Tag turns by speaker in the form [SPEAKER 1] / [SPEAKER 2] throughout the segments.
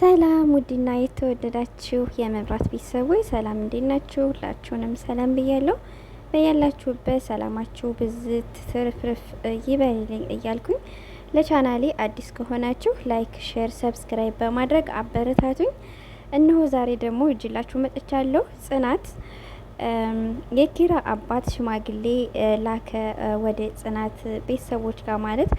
[SPEAKER 1] ሰላም ውድና የተወደዳችሁ የመብራት ቤተሰቦች ሰላም እንዴት ናችሁ? ሁላችሁንም ሰላም ብያለሁ። በያላችሁበት ሰላማችሁ ብዝት ትርፍርፍ ይበልልኝ እያልኩኝ ለቻናሌ አዲስ ከሆናችሁ ላይክ፣ ሼር፣ ሰብስክራይብ በማድረግ አበረታቱኝ። እነሆ ዛሬ ደግሞ እጅላችሁ መጥቻለሁ። ጽናት የኪራ አባት ሽማግሌ ላከ ወደ ጽናት ቤተሰቦች ጋር ማለት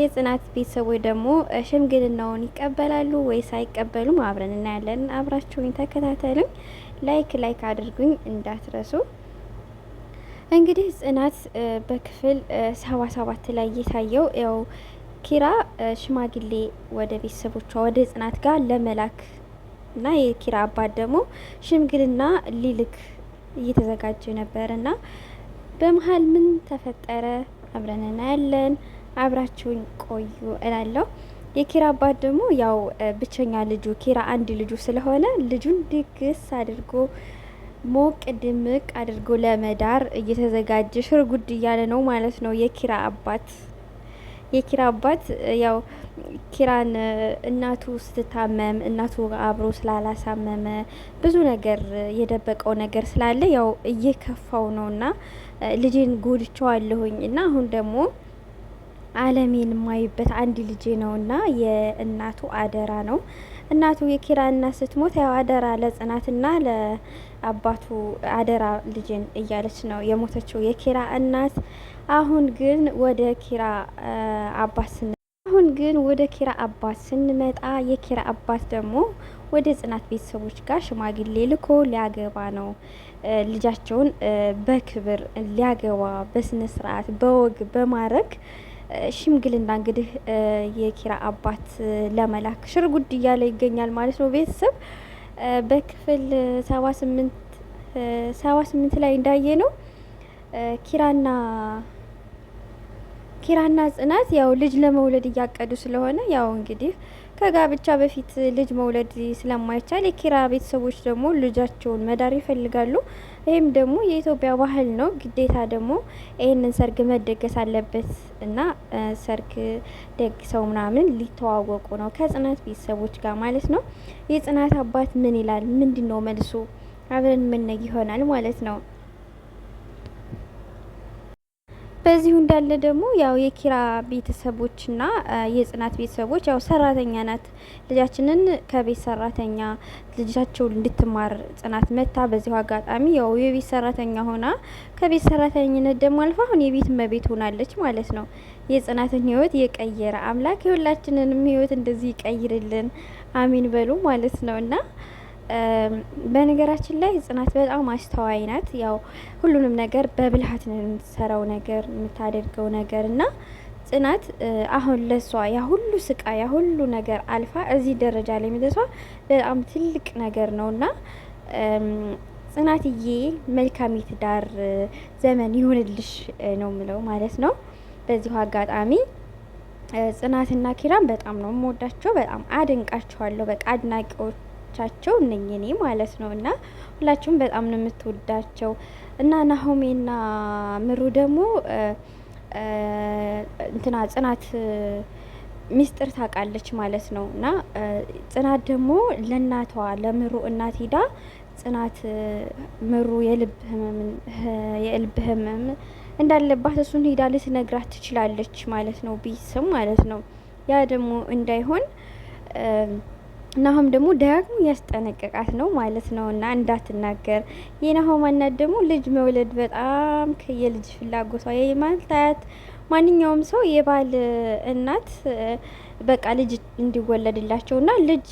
[SPEAKER 1] የጽናት ቤተሰቦች ደግሞ ሽምግልናውን ይቀበላሉ ወይስ አይቀበሉም? አብረን እናያለን። አብራችሁኝ ተከታተሉኝ። ላይክ ላይክ አድርጉኝ እንዳትረሱ። እንግዲህ ጽናት በክፍል ሰባ ሰባት ላይ የታየው ያው ኪራ ሽማግሌ ወደ ቤተሰቦቿ ወደ ጽናት ጋር ለመላክ እና የኪራ አባት ደግሞ ሽምግልና ሊልክ እየተዘጋጀ ነበር እና በመሀል ምን ተፈጠረ? አብረን እናያለን። አብራችሁኝ ቆዩ እላለሁ። የኪራ አባት ደግሞ ያው ብቸኛ ልጁ ኪራ አንድ ልጁ ስለሆነ ልጁን ድግስ አድርጎ ሞቅ ድምቅ አድርጎ ለመዳር እየተዘጋጀ ሽርጉድ እያለ ነው ማለት ነው የኪራ አባት። የኪራ አባት ያው ኪራን እናቱ ስትታመም እናቱ አብሮ ስላላሳመመ ብዙ ነገር የደበቀው ነገር ስላለ ያው እየከፋው ነውና ልጅን ጎድቸዋለሁኝ እና አሁን ደግሞ አለሜን የማይበት አንድ ልጄ ነውና የእናቱ አደራ ነው። እናቱ የኪራ እናት ስትሞት ያው አደራ ለጽናትና ለአባቱ አደራ ልጅን እያለች ነው የሞተችው የኪራ እናት። አሁን ግን ወደ ኪራ አባት ስን አሁን ግን ወደ ኪራ አባት ስንመጣ የኪራ አባት ደግሞ ወደ ጽናት ቤተሰቦች ጋር ሽማግሌ ልኮ ሊያገባ ነው ልጃቸውን በክብር ሊያገባ በስነ ስርዓት በወግ በማድረግ ሽምግልና እንግዲህ የኪራ አባት ለመላክ ሽር ጉድ እያለ ይገኛል ማለት ነው። ቤተሰብ በክፍል ሰባ ስምንት ሰባ ስምንት ላይ እንዳየ ነው ኪራና ኪራና ጽናት ያው ልጅ ለመውለድ እያቀዱ ስለሆነ ያው እንግዲህ ከጋብቻ በፊት ልጅ መውለድ ስለማይቻል የኪራ ቤተሰቦች ደግሞ ልጃቸውን መዳር ይፈልጋሉ። ይህም ደግሞ የኢትዮጵያ ባህል ነው። ግዴታ ደግሞ ይህንን ሰርግ መደገስ አለበት እና ሰርግ ደግሰው ምናምን ሊተዋወቁ ነው ከጽናት ቤተሰቦች ጋር ማለት ነው። የጽናት አባት ምን ይላል? ምንድን ነው መልሱ? አብረን ምነግ ይሆናል ማለት ነው። በዚሁ እንዳለ ደግሞ ያው የኪራ ቤተሰቦችና የጽናት ቤተሰቦች ያው ሰራተኛ ናት ልጃችንን ከቤት ሰራተኛ ልጃቸው እንድትማር ጽናት መታ። በዚሁ አጋጣሚ ያው የቤት ሰራተኛ ሆና ከቤት ሰራተኝነት ደግሞ አልፋ አሁን የቤት መቤት ሆናለች ማለት ነው። የጽናትን ህይወት የቀየረ አምላክ የሁላችንንም ህይወት እንደዚህ ይቀይርልን፣ አሚን በሉ ማለት ነው እና በነገራችን ላይ ጽናት በጣም አስተዋይ ናት። ያው ሁሉንም ነገር በብልሃት ነው የምትሰራው ነገር የምታደርገው ነገር እና ጽናት አሁን ለሷ ያ ሁሉ ስቃይ ያ ሁሉ ነገር አልፋ እዚህ ደረጃ ላይ መድረሷ በጣም ትልቅ ነገር ነው እና ጽናትዬ መልካም የትዳር ዘመን ይሁንልሽ ነው ምለው ማለት ነው። በዚሁ አጋጣሚ ጽናትና ኪራን በጣም ነው የምወዳቸው፣ በጣም አደንቃቸዋለሁ። በቃ አድናቂዎች ልጆቻቸው እነኝ እኔ ማለት ነው። እና ሁላችሁም በጣም ነው የምትወዳቸው። እና ናሆሜና ምሩ ደግሞ እንትና ጽናት ሚስጥር ታውቃለች ማለት ነው። እና ጽናት ደግሞ ለእናቷ ለምሩ እናት ሄዳ ጽናት ምሩ የልብ ህመም እንዳለባት እሱን ሄዳ ልትነግራት ትችላለች ማለት ነው። ቢስም ማለት ነው ያ ደግሞ እንዳይሆን ናሆም ደግሞ ደጋግሞ እያስጠነቀቃት ነው ማለት ነው። እና እንዳትናገር የናሆም እናት ደግሞ ልጅ መውለድ በጣም የልጅ ፍላጎቷ የማልታያት ማንኛውም ሰው የባል እናት በቃ ልጅ እንዲወለድላቸው እንዲወለድላቸውና ልጅ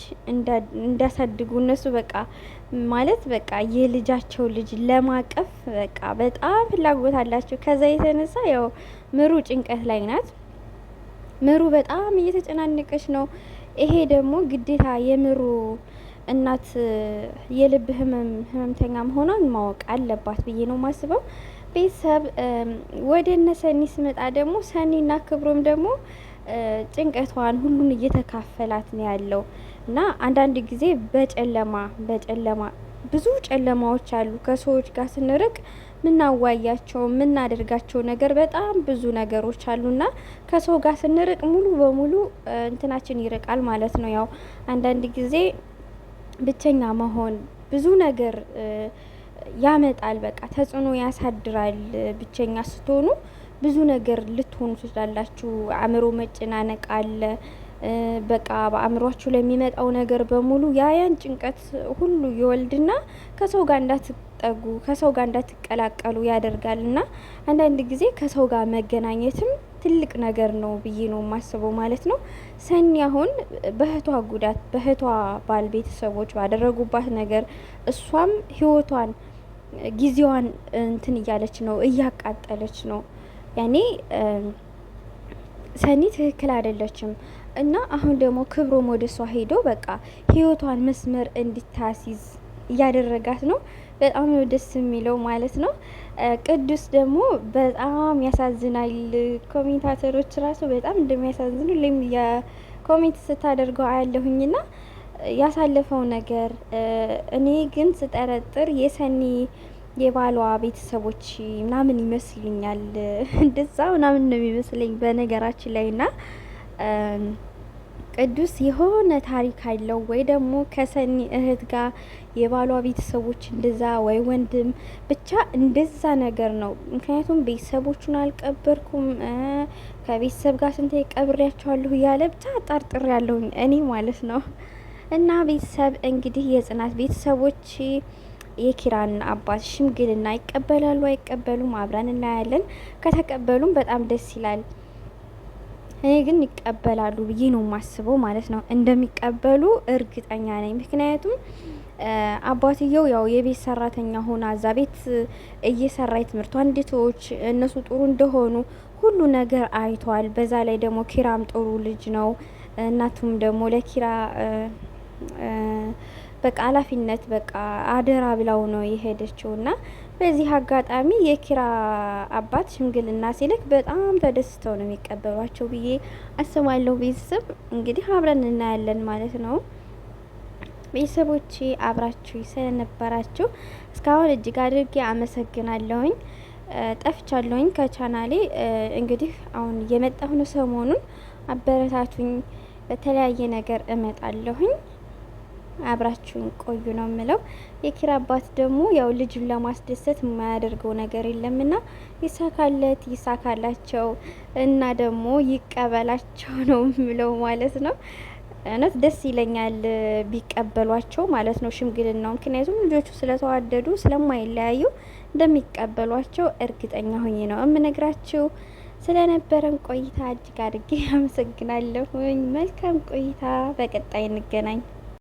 [SPEAKER 1] እንዲያሳድጉ እነሱ በቃ ማለት በቃ የልጃቸው ልጅ ለማቀፍ በቃ በጣም ፍላጎት አላቸው። ከዛ የተነሳ ያው ምሩ ጭንቀት ላይ ናት። ምሩ በጣም እየተጨናነቀች ነው ይሄ ደግሞ ግዴታ የምሩ እናት የልብ ህመም ህመምተኛ መሆኗን ማወቅ አለባት ብዬ ነው ማስበው። ቤተሰብ ወደ እነ ሰኒ ስመጣ ደግሞ ሰኒና ክብሩም ደግሞ ጭንቀቷን ሁሉን እየተካፈላት ነው ያለው እና አንዳንድ ጊዜ በጨለማ በጨለማ ብዙ ጨለማዎች አሉ። ከሰዎች ጋር ስንርቅ ምናዋያቸው ምናደርጋቸው ነገር በጣም ብዙ ነገሮች አሉና ከሰው ጋር ስንርቅ ሙሉ በሙሉ እንትናችን ይርቃል ማለት ነው። ያው አንዳንድ ጊዜ ብቸኛ መሆን ብዙ ነገር ያመጣል። በቃ ተጽዕኖ ያሳድራል። ብቸኛ ስትሆኑ ብዙ ነገር ልትሆኑ ትችላላችሁ። አእምሮ መጨናነቅ አለ። በቃ በአእምሯችሁ ለሚመጣው ነገር በሙሉ ያያን ጭንቀት ሁሉ ይወልድና ከሰው ጋር እንዳትጠጉ ከሰው ጋር እንዳትቀላቀሉ ያደርጋል። እና አንዳንድ ጊዜ ከሰው ጋር መገናኘትም ትልቅ ነገር ነው ብዬ ነው የማስበው ማለት ነው። ሰኒ አሁን በእህቷ ጉዳት በእህቷ ባል ቤተሰቦች ባደረጉባት ነገር እሷም ህይወቷን ጊዜዋን እንትን እያለች ነው እያቃጠለች ነው ያኔ ሰኒ ትክክል አይደለችም። እና አሁን ደግሞ ክብሮም ወደ እሷ ሄዶ በቃ ህይወቷን መስመር እንድታስይዝ እያደረጋት ነው። በጣም ነው ደስ የሚለው ማለት ነው። ቅዱስ ደግሞ በጣም ያሳዝናል። ኮሜንታተሮች ራሱ በጣም እንደሚያሳዝኑ ም የኮሜንት ስታደርገው አያለሁኝና ያሳለፈው ነገር እኔ ግን ስጠረጥር የሰኒ የባሏ ቤተሰቦች ምናምን ይመስልኛል። እንደዛ ምናምን ነው የሚመስለኝ በነገራችን ላይ ና ቅዱስ የሆነ ታሪክ አለው ወይ ደግሞ ከሰኒ እህት ጋር የባሏ ቤተሰቦች እንደዛ ወይ ወንድም ብቻ እንደዛ ነገር ነው። ምክንያቱም ቤተሰቦቹን አልቀበርኩም ከቤተሰብ ጋር ስንት ቀብሬያቸዋለሁ እያለ ብቻ ጠርጥር ያለውኝ እኔ ማለት ነው። እና ቤተሰብ እንግዲህ የጽናት ቤተሰቦች የኪራን አባት ሽምግልና ይቀበላሉ አይቀበሉም አብረን እናያለን። ከተቀበሉም በጣም ደስ ይላል። እኔ ግን ይቀበላሉ ብዬ ነው የማስበው ማለት ነው። እንደሚቀበሉ እርግጠኛ ነኝ። ምክንያቱም አባትየው ያው የቤት ሰራተኛ ሆና እዛ ቤት እየሰራች ትምህርቷን እንዴቶች እነሱ ጥሩ እንደሆኑ ሁሉ ነገር አይቷል። በዛ ላይ ደግሞ ኪራም ጥሩ ልጅ ነው። እናቱም ደግሞ ለኪራ በቃ ኃላፊነት በቃ አደራ ብላው ነው የሄደችው እና በዚህ አጋጣሚ የኪራ አባት ሽምግልና ሲልክ በጣም ተደስተው ነው የሚቀበሏቸው ብዬ አስባለሁ። ቤተሰብ እንግዲህ አብረን እናያለን ማለት ነው። ቤተሰቦቼ አብራችሁ ስለነበራችሁ እስካሁን እጅግ አድርጌ አመሰግናለሁኝ። ጠፍቻለሁኝ ከቻናሌ እንግዲህ አሁን እየመጣሁ ነው። ሰሞኑን አበረታቱኝ፣ በተለያየ ነገር እመጣለሁኝ። አብራችሁን ቆዩ ነው የምለው። የኪራ አባት ደግሞ ያው ልጁን ለማስደሰት የማያደርገው ነገር የለምና ይሳካለት ይሳካላቸው እና ደግሞ ይቀበላቸው ነው የምለው ማለት ነው። እውነት ደስ ይለኛል ቢቀበሏቸው ማለት ነው ሽምግልናው። ምክንያቱም ልጆቹ ስለተዋደዱ ስለማይለያዩ እንደሚቀበሏቸው እርግጠኛ ሆኜ ነው የምነግራችሁ። ስለነበረን ቆይታ እጅግ አድርጌ አመሰግናለሁኝ። መልካም ቆይታ፣ በቀጣይ እንገናኝ።